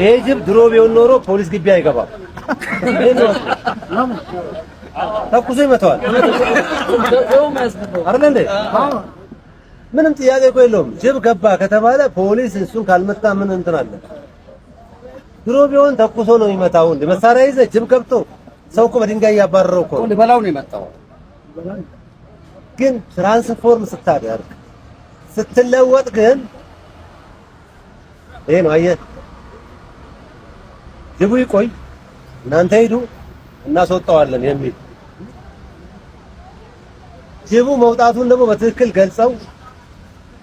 ይሄ ጅብ ድሮ ቢሆን ኖሮ ፖሊስ ግቢ አይገባም። ተኩሶ ይመታዋል አይደል እንዴ? ምንም ጥያቄ እኮ የለውም። ጅብ ገባ ከተባለ ፖሊስ እሱን ካልመጣ ምን እንትን አለ? ድሮ ቢሆን ተኩሶ ነው የሚመታው። እንደ መሳሪያ ይዘህ ጅብ ገብቶ ሰው እኮ በድንጋይ እያባረረው እኮ ሊበላው ነው የመጣው። ግን ትራንስፎርም ስታደርግ ስትለወጥ ግን ይሄ ነው አየህ ግቡ ይቆይ፣ እናንተ ሂዱ፣ እናስወጣዋለን የሚል ጅቡ መውጣቱን ደግሞ በትክክል ገልጸው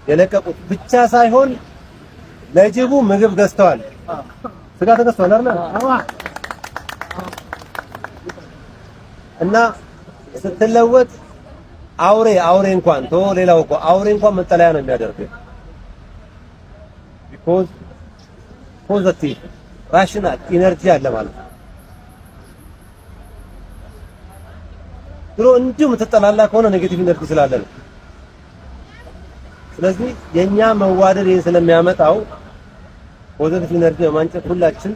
የለቀቁት ብቻ ሳይሆን ለጅቡ ምግብ ገዝተዋል። ስጋ ተገዝቷል አይደል? እና ስትለወጥ አውሬ አውሬ እንኳን ቶ ሌላው እኮ አውሬ እንኳን መጠለያ ነው የሚያደርገው ፖዘቲቭ ራሽናል ኢነርጂ አለ ማለት ነው። ድሮ እንዲሁ የምትጠላላ ከሆነ ኔጌቲቭ ኢነርጂ ስላለ ነው። ስለዚህ የኛ መዋደድ ይሄን ስለሚያመጣው ፖዘቲቭ ኢነርጂ በማንጨት ሁላችን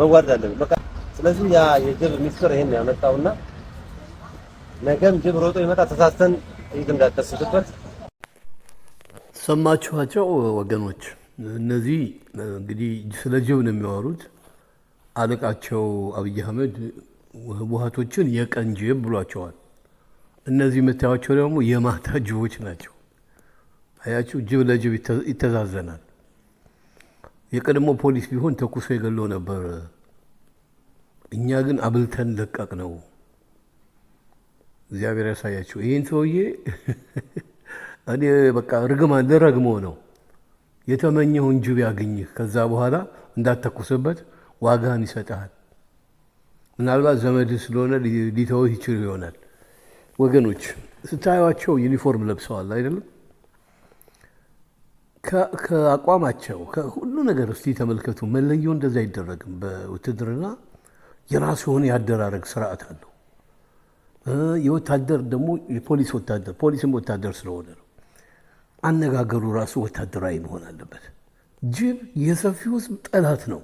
መዋደድ አለን። በቃ ስለዚህ ያ የጅብ ሚስጥር ይሄን ያመጣውና ነገም ጅብ ሮጦ ይመጣ ተሳስተን ይግም እንዳታስቡበት። ሰማችኋቸው ወገኖች። እነዚህ እንግዲህ ስለ ጅብ ነው የሚያወሩት። አለቃቸው አብይ አህመድ ህወሓቶችን የቀን ጅብ ብሏቸዋል። እነዚህ የምታያቸው ደግሞ የማታ ጅቦች ናቸው። አያችሁ፣ ጅብ ለጅብ ይተዛዘናል። የቀድሞ ፖሊስ ቢሆን ተኩሶ የገለው ነበር። እኛ ግን አብልተን ለቀቅ ነው። እግዚአብሔር ያሳያቸው። ይህን ሰውዬ እኔ በቃ ርግማን ልረግመው ነው የተመኘውን ጅብ ያገኝህ ከዛ በኋላ እንዳትተኩስበት ዋጋን ይሰጥሃል። ምናልባት ዘመድ ስለሆነ ሊተውህ ይችል ይሆናል። ወገኖች ስታዩቸው ዩኒፎርም ለብሰዋል አይደለም? ከአቋማቸው ከሁሉ ነገር እስቲ ተመልከቱ። መለየው እንደዛ አይደረግም። በውትድርና የራሱ የሆነ ያደራረግ ስርዓት አለው። የወታደር ደግሞ የፖሊስ ወታደር ፖሊስም ወታደር ስለሆነ ነው። አነጋገሩ ራሱ ወታደራዊ መሆን አለበት። ጅብ የሰፊው ሕዝብ ጠላት ነው፣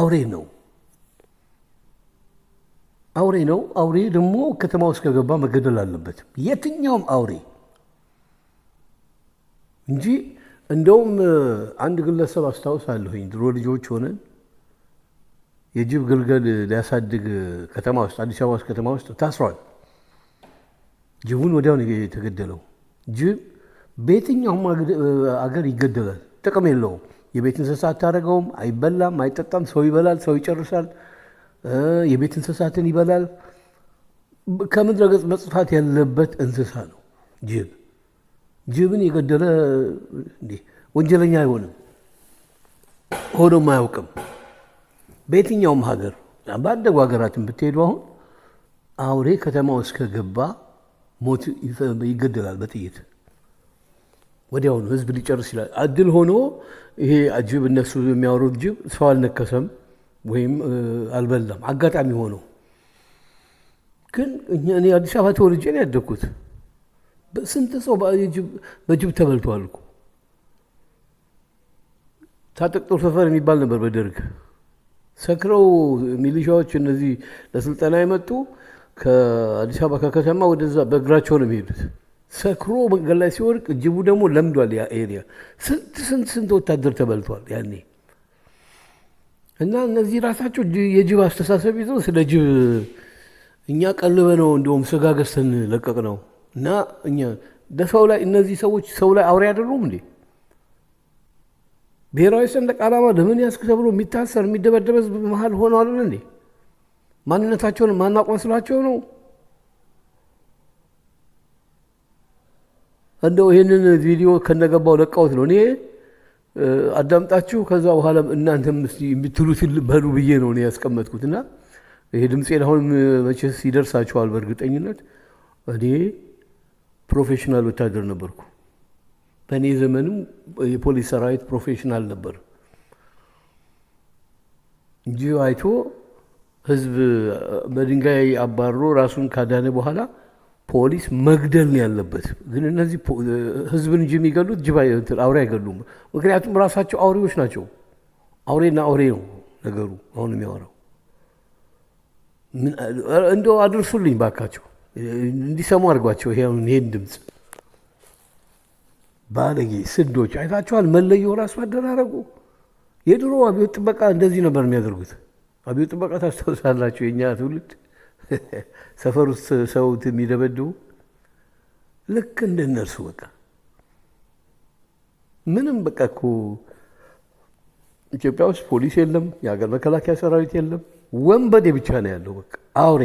አውሬ ነው፣ አውሬ ነው። አውሬ ደግሞ ከተማ ውስጥ ከገባ መገደል አለበት የትኛውም አውሬ እንጂ እንደውም አንድ ግለሰብ አስታውሳለሁኝ ድሮ ልጆች ሆነን የጅብ ግልገል ሊያሳድግ ከተማ ውስጥ አዲስ አበባ ውስጥ ከተማ ውስጥ ታስሯል። ጅቡን ወዲያው የተገደለው ጅብ በየትኛውም አገር ይገደላል። ጥቅም የለውም። የቤት እንስሳ አታደርገውም። አይበላም፣ አይጠጣም። ሰው ይበላል፣ ሰው ይጨርሳል። የቤት እንስሳትን ይበላል። ከምድረ ገጽ መጥፋት ያለበት እንስሳ ነው ጅብ። ጅብን የገደለ ወንጀለኛ አይሆንም፣ ሆኖም አያውቅም። በየትኛውም ሀገር በአደጉ ሀገራትን ብትሄዱ አሁን አውሬ ከተማው እስከገባ ሞት ይገደላል በጥይት ወዲያውኑ ህዝብ ሊጨርስ ይችላል። እድል ሆኖ ይሄ ጅብ እነሱ የሚያወሩት ጅብ ሰው አልነከሰም ወይም አልበላም፣ አጋጣሚ ሆኖ ግን እኔ አዲስ አበባ ተወልጄ ነው ያደግኩት። ስንት ሰው በጅብ ተበልቷል እኮ። ታጠቅ ጦር ሰፈር የሚባል ነበር በደርግ ሰክረው ሚሊሻዎች እነዚህ ለስልጠና የመጡ ከአዲስ አበባ ከከተማ ወደዛ በእግራቸው ነው የሚሄዱት። ሰክሮ መንገድ ላይ ሲወድቅ ጅቡ ደግሞ ለምዷል። ያ ኤሪያ ስንት ስንት ስንት ወታደር ተበልቷል ያኔ። እና እነዚህ ራሳቸው የጅብ አስተሳሰብ ይዘው ስለ ጅብ እኛ ቀልበ ነው እንዲሁም ስጋ ገዝተን ለቀቅ ነው እና እኛ ለሰው ላይ እነዚህ ሰዎች ሰው ላይ አውሬ አይደሉም እንዴ? ብሔራዊ ሰንደቅ ዓላማ ለምን ያስክ ተብሎ የሚታሰር የሚደበደበ መሀል ሆነዋለን እንዴ? ማንነታቸውን ማናውቅ ነው እንደው ይህንን ቪዲዮ ከነገባው ለቃውት ነው እኔ አዳምጣችሁ ከዛ በኋላም እናንተም የምትሉትን በሉ ብዬ ነው እኔ ያስቀመጥኩት እና ይሄ ድምፄን አሁን መቼስ ይደርሳችኋል በእርግጠኝነት። እኔ ፕሮፌሽናል ወታደር ነበርኩ። በእኔ ዘመንም የፖሊስ ሰራዊት ፕሮፌሽናል ነበር እንጂ አይቶ ህዝብ በድንጋይ አባሮ ራሱን ካዳነ በኋላ ፖሊስ መግደል ነው ያለበት። ግን እነዚህ ህዝብን እንጂ የሚገሉት ጅብ አውሬ አይገሉም። ምክንያቱም ራሳቸው አውሬዎች ናቸው። አውሬና አውሬ ነው ነገሩ። አሁን የሚያወራው እንደ አድርሱልኝ ባካቸው፣ እንዲሰሙ አድርጓቸው። ይሄን ድምፅ ባለጌ ስዶች አይታችኋል። መለየው ራሱ አደራረጉ። የድሮ አብዮት ጥበቃ እንደዚህ ነበር የሚያደርጉት። አብዮት ጥበቃ ታስታውሳላቸው የእኛ ትውልድ ሰፈር ውስጥ ሰውት የሚደበድቡ ልክ እንደነርሱ በቃ ምንም በቃ እኮ ኢትዮጵያ ውስጥ ፖሊስ የለም፣ የሀገር መከላከያ ሰራዊት የለም። ወንበዴ ብቻ ነው ያለው። በቃ አውሬ